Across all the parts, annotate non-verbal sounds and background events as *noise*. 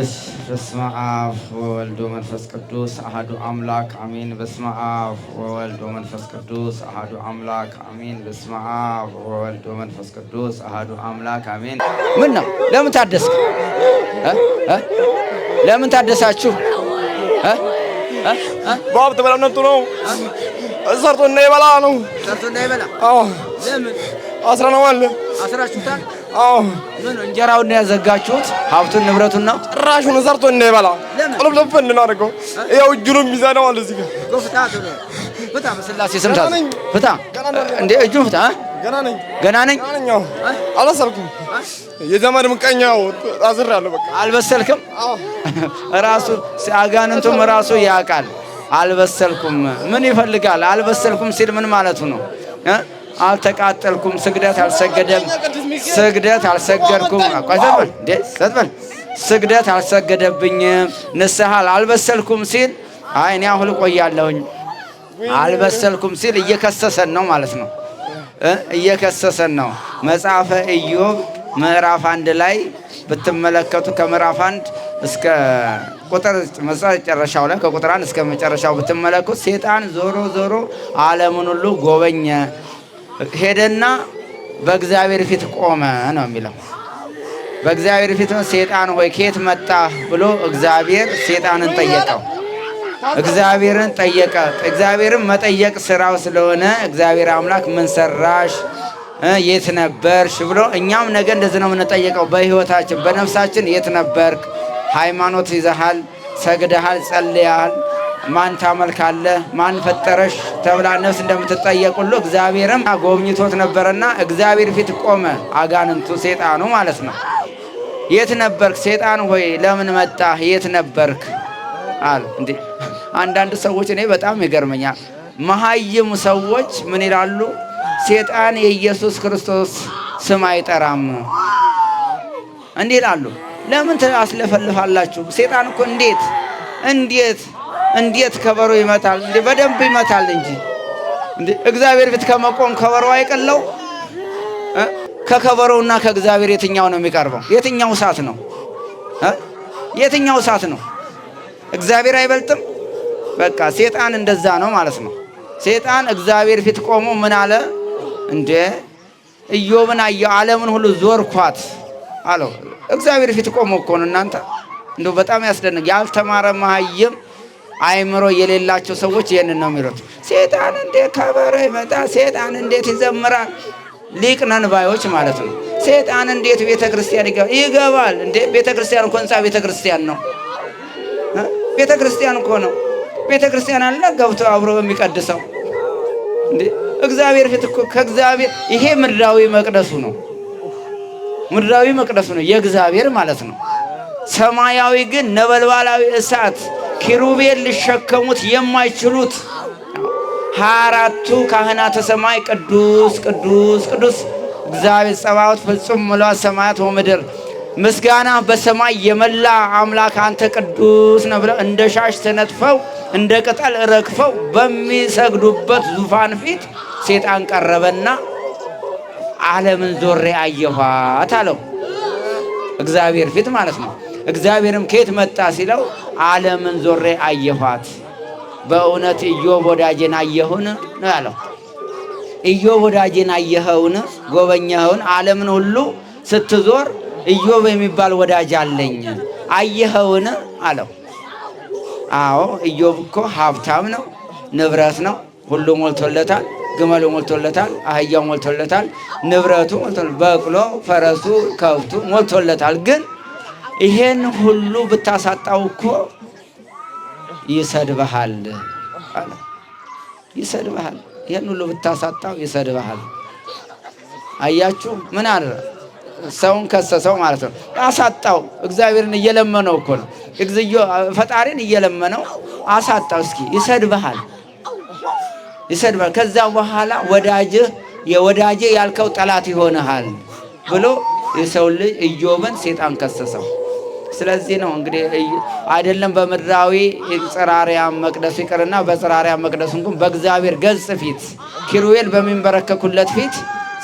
እስ በስመ አብ ወወልድ ወመንፈስ ቅዱስ አሐዱ አምላክ አሜን። በስመ አብ ወወልድ ወመንፈስ ቅዱስ አሐዱ አምላክ አሜን። በስመ አብ ወወልድ ወመንፈስ ቅዱስ አሐዱ አምላክ አሜን። ምን ነው? ለምን ታደስክ? ለምን ታደሳችሁ? በሀብት በላነቱ ነው። ሰርቶ እንዳይበላ ነው። ሰርቶ እንዳይበላ አስረነዋል። አስራችሁታል እንጀራውን ነው ያዘጋችሁት? ሀብቱን ንብረቱን ነው ጭራሹን ሰርቶ እንዳይበላ ቁልብልብ እናደርገው። ያው እጁንም አለ እዚህ ጋር ፍታ። ፍታ። እንዴ እጁን ፍታ። ገና ነኝ ገና ነኝ አልበሰልኩም። አዝሬያለሁ። በቃ አልበሰልክም። *laughs* ራሱ አጋንንቱም ራሱ ያውቃል። አልበሰልኩም ምን ይፈልጋል? አልበሰልኩም ሲል ምን ማለቱ ነው? አልተቃጠልኩም፣ ስግደት አልሰገደም ስግደት አልሰገድኩም። ቆዘበል እንዴ ዘበል ስግደት አልሰገደብኝም ንስሐ አልበሰልኩም ሲል አይ እኔ አሁን ቆያለሁኝ አልበሰልኩም ሲል እየከሰሰን ነው ማለት ነው። እየከሰሰን ነው። መጽሐፈ ኢዮብ ምዕራፍ አንድ ላይ ብትመለከቱ ከምዕራፍ አንድ እስከ ቁጥር መጨረሻው ላይ ከቁጥር አንድ እስከ መጨረሻው ብትመለከቱ ሴጣን ዞሮ ዞሮ ዓለምን ሁሉ ጎበኘ ሄደና በእግዚአብሔር ፊት ቆመ ነው የሚለው። በእግዚአብሔር ፊትም ሴጣን ሆይ ከየት መጣ ብሎ እግዚአብሔር ሴጣንን ጠየቀው። እግዚአብሔርን ጠየቀ። እግዚአብሔርን መጠየቅ ስራው ስለሆነ እግዚአብሔር አምላክ ምን ሰራሽ፣ የት ነበርሽ ብሎ እኛም ነገ እንደዚህ ነው የምንጠየቀው። በህይወታችን በነፍሳችን የት ነበርክ? ሃይማኖት ይዘሃል፣ ሰግደሃል፣ ጸልያል ማን ታመልካለ ማን ፈጠረሽ ተብላ ነፍስ እንደምትጠየቅ ሁሉ እግዚአብሔርም ጎብኝቶት ነበረና እግዚአብሔር ፊት ቆመ። አጋንንቱ ሴጣኑ ማለት ነው። የት ነበርክ ሴጣን ሆይ ለምን መጣ? የት ነበርክ አሉ። እንዴ አንዳንድ ሰዎች እኔ በጣም ይገርመኛል። መሀይም ሰዎች ምን ይላሉ? ሴጣን የኢየሱስ ክርስቶስ ስም አይጠራም። እንዲህ ይላሉ። ለምን አስለፈልፋላችሁ? ሴጣን እኮ እንዴት እንዴት እንዴት ከበሮ ይመታል? እንዴ በደንብ ይመታል እንጂ እግዚአብሔር ፊት ከመቆም ከበሮ አይቀለው። ከከበሮውና ከእግዚአብሔር የትኛው ነው የሚቀርበው? የትኛው እሳት ነው? የትኛው እሳት ነው? እግዚአብሔር አይበልጥም። በቃ ሴጣን እንደዛ ነው ማለት ነው። ሴጣን እግዚአብሔር ፊት ቆሞ ምን አለ እንዴ? ኢዮብን አየሁ ዓለምን ሁሉ ዞርኳት አለው። እግዚአብሔር ፊት ቆሞ እኮ ነው እናንተ። እንደው በጣም ያስደንቅ ያልተማረ መሀይም አይምሮ የሌላቸው ሰዎች ይህንን ነው የሚሉት። ሴጣን እንዴት ከበሮ ይመጣል? ሴጣን እንዴት ይዘምራል? ሊቅነን ባዮች ማለት ነው። ሴጣን እንዴት ቤተ ክርስቲያን ይገባል? እንዴ ቤተ ክርስቲያን እኮ ህንፃ ቤተ ክርስቲያን ነው። ቤተ ክርስቲያን እኮ ነው። ቤተ ክርስቲያን አለ ገብቶ አብሮ የሚቀድሰው እንዴ እግዚአብሔር ፊት እኮ ከእግዚአብሔር ይሄ ምድራዊ መቅደሱ ነው። ምድራዊ መቅደሱ ነው የእግዚአብሔር ማለት ነው። ሰማያዊ ግን ነበልባላዊ እሳት ኪሩቤል ሊሸከሙት የማይችሉት ሀያ አራቱ ካህናተ ሰማይ ቅዱስ ቅዱስ ቅዱስ እግዚአብሔር ጸባዖት ፍጹም ምሏ ሰማያት ወምድር ምስጋና በሰማይ የመላ አምላክ አንተ ቅዱስ ነው ብለው እንደ ሻሽ ተነጥፈው እንደ ቅጠል ረግፈው በሚሰግዱበት ዙፋን ፊት ሴጣን ቀረበና ዓለምን ዞሬ አየኋት አለው። እግዚአብሔር ፊት ማለት ነው። እግዚአብሔርም ከየት መጣ ሲለው ዓለምን ዞሬ አየኋት። በእውነት ኢዮብ ወዳጄን አየሁን ነው ያለው። ኢዮብ ወዳጄን አየኸውን ጎበኘኸውን? ዓለምን ሁሉ ስትዞር ኢዮብ የሚባል ወዳጅ አለኝ አየኸውን አለው። አዎ ኢዮብ እኮ ሀብታም ነው፣ ንብረት ነው፣ ሁሉ ሞልቶለታል። ግመሉ ሞልቶለታል፣ አህያው ሞልቶለታል፣ ንብረቱ ሞልቶለታል፣ በቅሎ፣ ፈረሱ፣ ከብቱ ሞልቶለታል ግን ይሄን ሁሉ ብታሳጣው እኮ ይሰድብሃል አለ። ይሰድብሃል። ይሄን ሁሉ ብታሳጣው ይሰድብሃል። አያችሁ፣ ምን አለ? ሰውን ከሰሰው ማለት ነው። አሳጣው። እግዚአብሔርን እየለመነው እኮ ነው። እግዚኦ ፈጣሪን እየለመነው አሳጣው። እስኪ ይሰድብሃል፣ ይሰድብሃል። ከዛ በኋላ ወዳጅህ የወዳጅህ ያልከው ጠላት ይሆንሃል ብሎ የሰው ልጅ ኢዮብን ሴጣን ከሰሰው። ስለዚህ ነው እንግዲህ አይደለም በምድራዊ ጸራሪያ መቅደሱ ይቅርና በጽራሪያም መቅደሱ እንኳን በእግዚአብሔር ገጽ ፊት ኪሩዌል በሚንበረከኩለት ፊት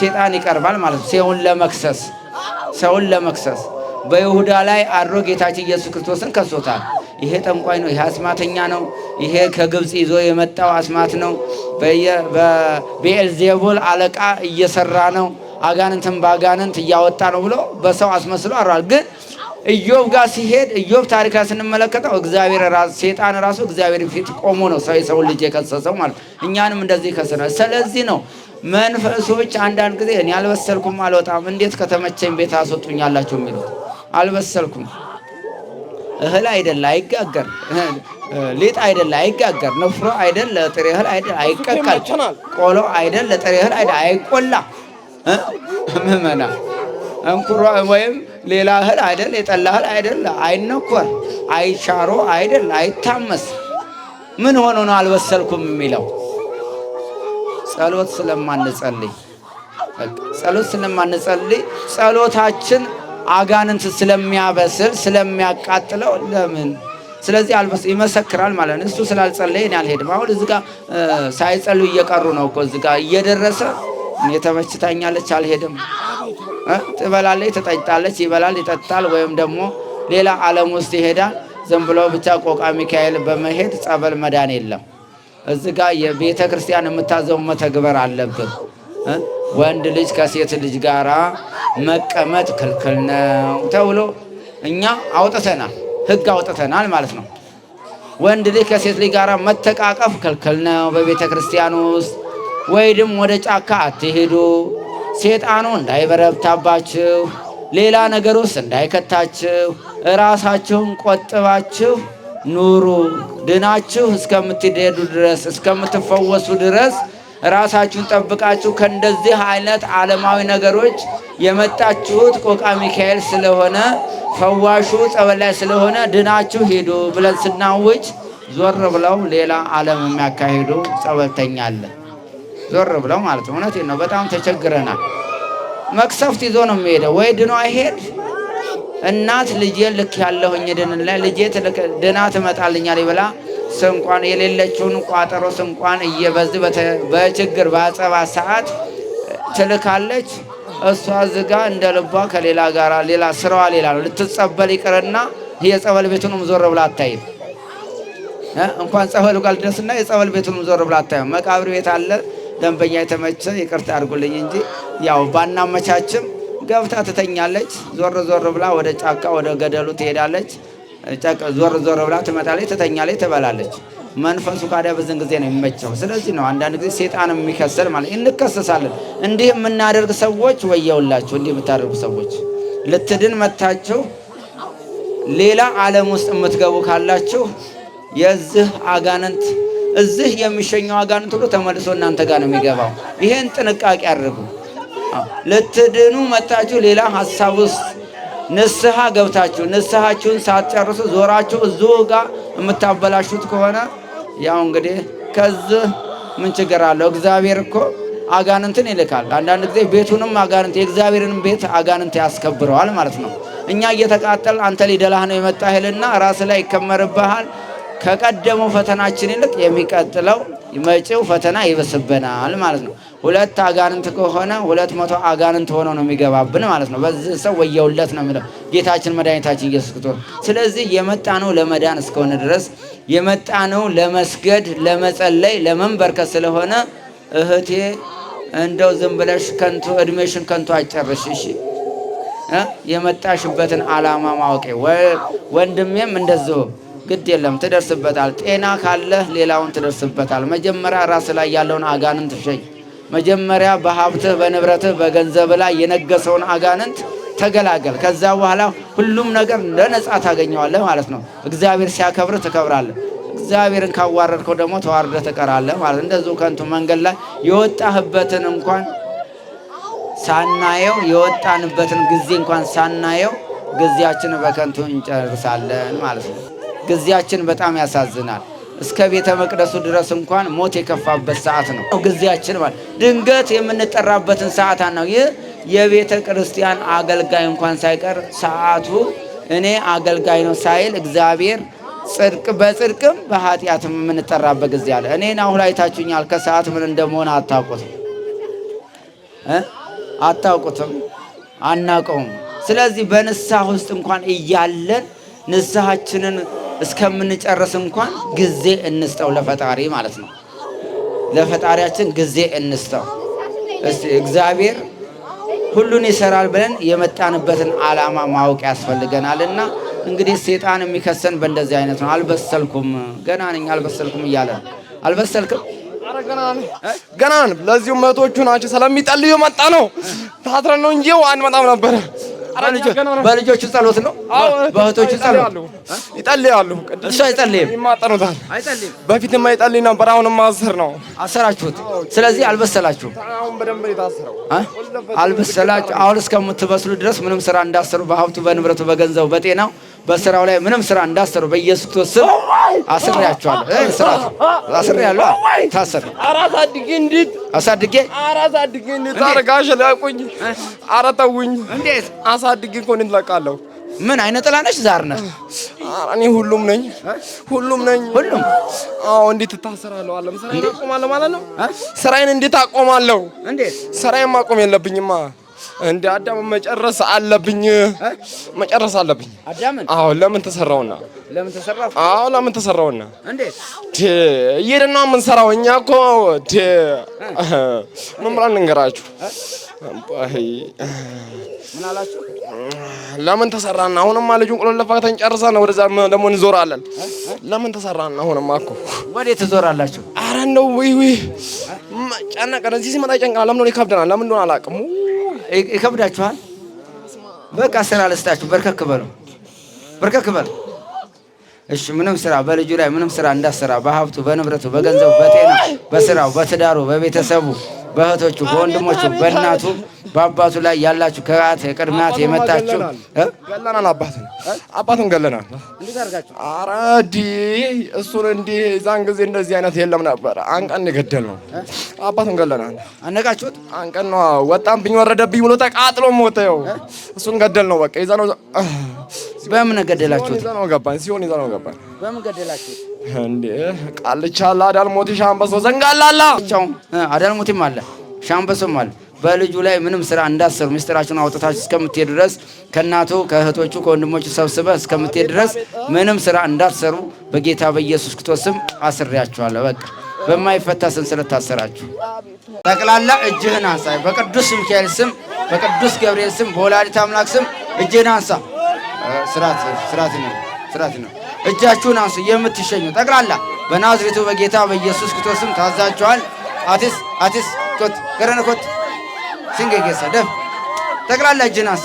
ሴጣን ይቀርባል ማለት ነው። ሰውን ለመክሰስ ሰውን ለመክሰስ በይሁዳ ላይ አድሮ ጌታችን ኢየሱስ ክርስቶስን ከሶታል። ይሄ ጠንቋይ ነው፣ ይሄ አስማተኛ ነው፣ ይሄ ከግብፅ ይዞ የመጣው አስማት ነው፣ በቤኤልዜቡል አለቃ እየሰራ ነው፣ አጋንንትን በአጋንንት እያወጣ ነው ብሎ በሰው አስመስሎ አሯል ግን ኢዮብ ጋር ሲሄድ ኢዮብ ታሪክ ስንመለከተው እግዚአብሔር ራሱ ሴጣን ራሱ እግዚአብሔር ፊት ቆሞ ነው ሰው የሰው ልጅ የከሰሰው ማለት እኛንም እንደዚህ ከሰነ። ስለዚህ ነው መንፈሶች አንዳንድ ጊዜ እኔ አልበሰልኩም አልወጣም፣ እንዴት ከተመቸኝ ቤት አስወጡኛላችሁ የሚሉት አልበሰልኩም። እህል አይደለ አይጋገር፣ ሊጥ አይደለ አይጋገር፣ ንፍሮ አይደለ ጥሬ እህል አይደለ አይቀቀል፣ ቆሎ አይደለ ጥሬ እህል አይደለ አይቆላ ምመና እንኩሮ ወይም ሌላ እህል አይደል፣ የጠላ እህል አይደል፣ አይነኮር፣ አይሻሮ አይደል፣ አይታመስ። ምን ሆኖ ነው አልበሰልኩም የሚለው? ጸሎት ስለማንጸልይ ጸሎት ስለማንጸልይ ጸሎታችን አጋንንት ስለሚያበስል ስለሚያቃጥለው ለምን ስለዚህ አልበስ ይመሰክራል ማለት ነው። እሱ ስላልጸለየ እኔ አልሄድም። አሁን እዚህ ጋር ሳይጸሉ እየቀሩ ነው እኮ እዚህ ጋር እየደረሰ እኔ ተመችታኛለች አልሄድም ትበላለች፣ ትጠጣለች፣ ይበላል፣ ይጠጣል። ወይም ደግሞ ሌላ ዓለም ውስጥ ይሄዳል። ዝም ብሎ ብቻ ቆቃ ሚካኤል በመሄድ ጸበል መዳን የለም። እዚ ጋ የቤተ ክርስቲያን የምታዘው መተግበር አለብህ። ወንድ ልጅ ከሴት ልጅ ጋር መቀመጥ ክልክል ነው ተብሎ እኛ አውጥተናል፣ ህግ አውጥተናል ማለት ነው። ወንድ ልጅ ከሴት ልጅ ጋር መተቃቀፍ ክልክል ነው በቤተ ክርስቲያን ውስጥ። ድም ወደ ጫካ አትሄዱ ሴጣኑ እንዳይበረብታባችሁ ሌላ ነገር ውስጥ እንዳይከታችሁ ራሳችሁን ቆጥባችሁ ኑሩ። ድናችሁ እስከምትሄዱ ድረስ እስከምትፈወሱ ድረስ ራሳችሁን ጠብቃችሁ ከእንደዚህ አይነት ዓለማዊ ነገሮች የመጣችሁት ቆቃ ሚካኤል ስለሆነ ፈዋሹ ጸበላይ ስለሆነ ድናችሁ ሂዱ ብለን ስናውጅ ዞር ብለው ሌላ ዓለም የሚያካሂዱ ጸበልተኛ አለ። ዞር ብለው ማለት ነው። እውነቴን ነው። በጣም ተቸግረናል። መቅሰፍት ይዞ ነው የሚሄደው። ወይ ድኖ አይሄድ እናት ልጄ ልክ ያለሁኝ ድንላ ልጄ ድና ትመጣልኛል ብላ ስንቋን የሌለችውን ቋጠሮ ስንቋን እየበዝ በችግር በአጸባ ሰዓት ትልካለች። እሷ ዝጋ እንደ ልቧ ከሌላ ጋራ ሌላ ስራዋ ሌላ ነው። ልትጸበል ይቅርና የጸበል ቤቱንም ዞር ብላ አታይም። እንኳን ጸበሉ ጋር ደስና የጸበል ቤቱንም ዞር ብላ አታይም። መቃብር ቤት አለ ደንበኛ የተመቸ ይቅርታ አድርጉልኝ እንጂ ያው ባናመቻችም ገብታ ትተኛለች። ዞር ዞር ብላ ወደ ጫካ ወደ ገደሉ ትሄዳለች። ዞር ዞር ብላ ትመጣለች፣ ትተኛለች፣ ትበላለች። መንፈሱ ካዲያ በዝን ጊዜ ነው የሚመቸው። ስለዚህ ነው አንዳንድ ጊዜ ሴጣን የሚከሰል ማለት እንከሰሳለን። እንዲህ የምናደርግ ሰዎች ወየውላችሁ፣ እንዲህ የምታደርጉ ሰዎች ልትድን መታችሁ ሌላ ዓለም ውስጥ የምትገቡ ካላችሁ የዚህ አጋንንት እዚህ የሚሸኘው አጋንንት ሁሉ ተመልሶ እናንተ ጋር ነው የሚገባው። ይሄን ጥንቃቄ አድርጉ። ልትድኑ መጣችሁ ሌላ ሀሳብ ውስጥ ንስሐ ገብታችሁ ንስሐችሁን ሳትጨርሱ ዞራችሁ እዚሁ ጋር የምታበላሹት ከሆነ ያው እንግዲህ ከዚህ ምን ችግር አለው? እግዚአብሔር እኮ አጋንንትን ይልካል። አንዳንድ ጊዜ ቤቱንም አጋንንት የእግዚአብሔርንም ቤት አጋንንት ያስከብረዋል ማለት ነው። እኛ እየተቃጠል አንተ ሊደላህ ነው የመጣ እህልና ራስ ላይ ይከመርብሃል። ከቀደመው ፈተናችን ይልቅ የሚቀጥለው መጪው ፈተና ይብስብናል ማለት ነው። ሁለት አጋንንት ከሆነ ሁለት መቶ አጋንንት ሆኖ ነው የሚገባብን ማለት ነው። በዚህ ሰው ወየውለት ነው የሚለው ጌታችን መድኃኒታችን ኢየሱስ ክርስቶስ። ስለዚህ የመጣነው ለመዳን እስከሆነ ድረስ የመጣነው ለመስገድ፣ ለመጸለይ፣ ለመንበርከት ስለሆነ እህቴ እንደው ዝም ብለሽ ከንቱ እድሜሽን ከንቱ አጨርሽ እሺ የመጣሽበትን ዓላማ ማወቄ ወንድሜም እንደዚሁ ግድ የለም ትደርስበታል። ጤና ካለህ ሌላውን ትደርስበታል። መጀመሪያ ራስ ላይ ያለውን አጋንንት ሸኝ። መጀመሪያ በሀብትህ በንብረትህ በገንዘብ ላይ የነገሰውን አጋንንት ተገላገል። ከዛ በኋላ ሁሉም ነገር ለነጻ ታገኘዋለህ ማለት ነው። እግዚአብሔር ሲያከብርህ ትከብራለህ። እግዚአብሔርን ካዋረድከው ደግሞ ተዋርደህ ትቀራለህ ማለት እንደዚሁ ከንቱ መንገድ ላይ የወጣህበትን እንኳን ሳናየው የወጣንበትን ጊዜ እንኳን ሳናየው ጊዜያችን በከንቱ እንጨርሳለን ማለት ነው። ጊዜያችን በጣም ያሳዝናል። እስከ ቤተ መቅደሱ ድረስ እንኳን ሞት የከፋበት ሰዓት ነው ጊዜያችን ማለት ድንገት የምንጠራበትን ሰዓት ነው። ይህ የቤተ ክርስቲያን አገልጋይ እንኳን ሳይቀር ሰዓቱ እኔ አገልጋይ ነው ሳይል እግዚአብሔር ጽድቅ በጽድቅም በኃጢአትም የምንጠራበት ጊዜ አለ። እኔን አሁን አይታችሁኛል። ከሰዓት ምን እንደመሆነ አታውቁትም አታውቁትም አናውቀውም። ስለዚህ በንስሐ ውስጥ እንኳን እያለን ንስሐችንን እስከምንጨርስ እንኳን ጊዜ እንስጠው ለፈጣሪ ማለት ነው። ለፈጣሪያችን ጊዜ እንስጠው። እስቲ እግዚአብሔር ሁሉን ይሰራል ብለን የመጣንበትን ዓላማ ማወቅ ያስፈልገናልና እንግዲህ ሴጣን የሚከሰን በእንደዚህ አይነት ነው። አልበሰልኩም፣ ገና ነኝ፣ አልበሰልኩም እያለ ነው። አልበሰልክም፣ ገና ነን። ለዚሁ መቶቹ ናቸው ስለሚጠልዩ መጣ ነው። ታትረን ነው እንጂ አንመጣም ነበረ በልጆቹ ጸሎት ነው፣ በእህቶቹ ጸሎት ይጠልያሉ። እሱ አይጠልይም፣ ይማጠኑታል። በፊትማ ይጠልይ ነበር፣ አሁንማ አስር ነው አሰራችሁት። ስለዚህ አልበሰላችሁ፣ አልበሰላችሁ። አሁን እስከምትበስሉ ድረስ ምንም ስራ እንዳሰሩ፣ በሀብቱ፣ በንብረቱ፣ በገንዘቡ፣ በጤናው፣ በስራው ላይ ምንም ስራ እንዳሰሩ በኢየሱስ ክርስቶስ ስም አስሬያቸዋለሁ። ስራት አስሬ ያለሁ ታሰር አራሳድጌ እንዴት አሳድጌ አራት አራሳድጌ እንዴት አረጋሽ ላቁኝ አረተውኝ እንዴት አሳድጌ እኮ እንዴት እለቃለሁ። ምን አይነ ጥላ ነሽ? ዛር ነሽ? እኔ ሁሉም ነኝ፣ ሁሉም ነኝ፣ ሁሉም። አዎ፣ እንዴት እታሰራለሁ? አለም ስራዬን አቆማለሁ ማለት ነው። ስራዬን እንዴት አቆማለሁ? እንዴት ስራዬን ማቆም የለብኝማ እንደ አዳም መጨረስ አለብኝ መጨረስ አለብኝ። አዳምን አዎ፣ ለምን ተሰራውና ለምን ተሰራው? አዎ፣ ለምን ተሰራውና እንዴት እየደና ምን ሰራው? እኛ እኮ መምራን እንገራችሁ። ምን አላችሁ? ለምን ተሰራና አሁንማ ልጁን ቁልል ለፋታን ጨርሰን ወደዛ ደግሞ እንዞራለን። ለምን ተሰራና አሁንማ እኮ ወዴት ትዞራላችሁ? ኧረ እንደው ወይ ወይ ጨነቀን። እዚህ ሲመጣ ጨንቀናል። ለምን ነው ይከብደናል? ለምን እንደሆነ አላውቅም። ይከብዳችኋል። በቃ ስራ ልስጣችሁ። በርከክ በሉ፣ በርከክ በሉ። እሺ ምንም ስራ በልጁ ላይ ምንም ስራ እንዳሰራ፣ በሀብቱ፣ በንብረቱ፣ በገንዘቡ፣ በጤና፣ በስራው፣ በትዳሩ፣ በቤተሰቡ በእህቶቹ በወንድሞቹ በእናቱ በአባቱ ላይ ያላችሁ ከራት ቅድሚያት የመጣችሁ ገለናል። አባት አባትን ገለናል። አረዲ እሱን እንዲህ ዛን ጊዜ እንደዚህ አይነት የለም ነበር። አንቀን የገደል ነው። አባትን ገለናል። አነቃችሁት? አንቀን ነው። ብኝ ወረደብኝ ብሎ ተቃጥሎ ሞተው። እሱን ገደል ነው። በቃ ይዛ ነው። በምን ገደላችሁት? ይዛ ነው ገባን ሲሆን ይዛ ነው ገባን። በምን ገደላችሁት? ቃልቻ አለ አዳልሞቴ ሻምበሶ ዘንጋላ አለ አዳልሞቴም አለ ሻምበሶም አለ። በልጁ ላይ ምንም ስራ እንዳሰሩ ምስጢራችሁን አውጥታችሁ እስከምትሄድ ድረስ ከእናቱ ከእህቶቹ ከወንድሞቹ ሰብስበ እስከምትሄድ ድረስ ምንም ስራ እንዳትሰሩ በጌታ በኢየሱስ ክርስቶስ ስም አስሬያችኋለሁ። በቃ በማይፈታ ሰንሰለት ታሰራችሁ። ጠቅላላ እጅህን አንሳ። በቅዱስ ሚካኤል ስም፣ በቅዱስ ገብርኤል ስም፣ በወላዲት አምላክ ስም እጅህን አንሳ። ስርዓት ነው፣ ስርዓት ነው። እጃችሁን አንሱ። የምትሸኙ ጠቅላላ በናዝሬቱ በጌታ በኢየሱስ ስም ታዛችኋል። አቲስ አቲስ ኮት ገረነ ኮት ሲንገጌሳ ደፍ ጠቅላላ እጅን አንሳ።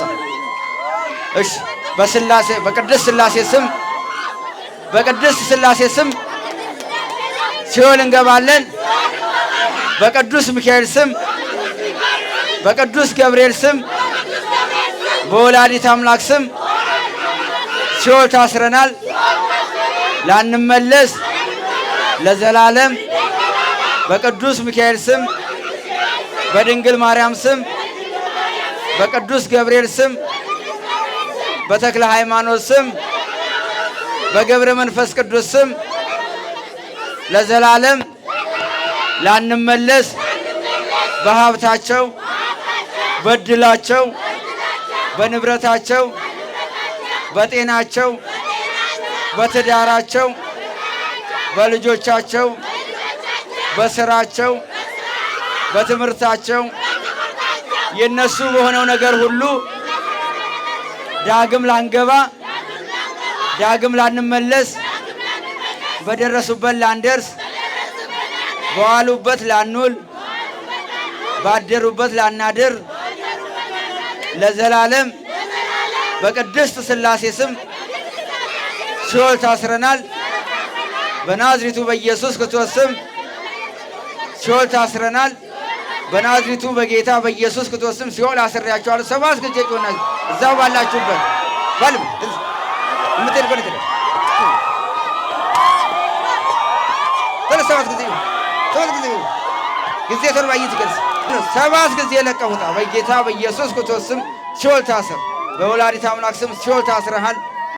እሺ በስላሴ በቅድስት ስላሴ ስም በቅድስት ስላሴ ስም ሲኦል እንገባለን። በቅዱስ ሚካኤል ስም በቅዱስ ገብርኤል ስም በወላዲት አምላክ ስም ሲኦል ታስረናል። ላንመለስ ለዘላለም በቅዱስ ሚካኤል ስም በድንግል ማርያም ስም በቅዱስ ገብርኤል ስም በተክለ ሃይማኖት ስም በገብረ መንፈስ ቅዱስ ስም ለዘላለም ላንመለስ በሀብታቸው በድላቸው በንብረታቸው በጤናቸው በትዳራቸው፣ በልጆቻቸው፣ በስራቸው፣ በትምህርታቸው የነሱ በሆነው ነገር ሁሉ ዳግም ላንገባ፣ ዳግም ላንመለስ፣ በደረሱበት ላንደርስ፣ በዋሉበት ላንውል፣ ባደሩበት ላናድር ለዘላለም በቅድስት ሥላሴ ስም ሲኦል ታስረናል። በናዝሪቱ በኢየሱስ ክርስቶስ ስም ሲኦል ታስረናል። በናዝሪቱ በጌታ በኢየሱስ ክርስቶስ ስም ሲኦል አስሬያቸዋለሁ። ሰባት ጊዜ ጮና እዛው ባላችሁበት በልም የምትሄድበት ሰባት ጊዜ ሰባት ጊዜ ጊዜ ተርባይ ትገልጽ ሰባት ጊዜ ለቀውጣ በጌታ በኢየሱስ ክርስቶስ ስም ሲኦል ታስር። በወላዲት አምላክ ስም ሲኦል ታስረሃል።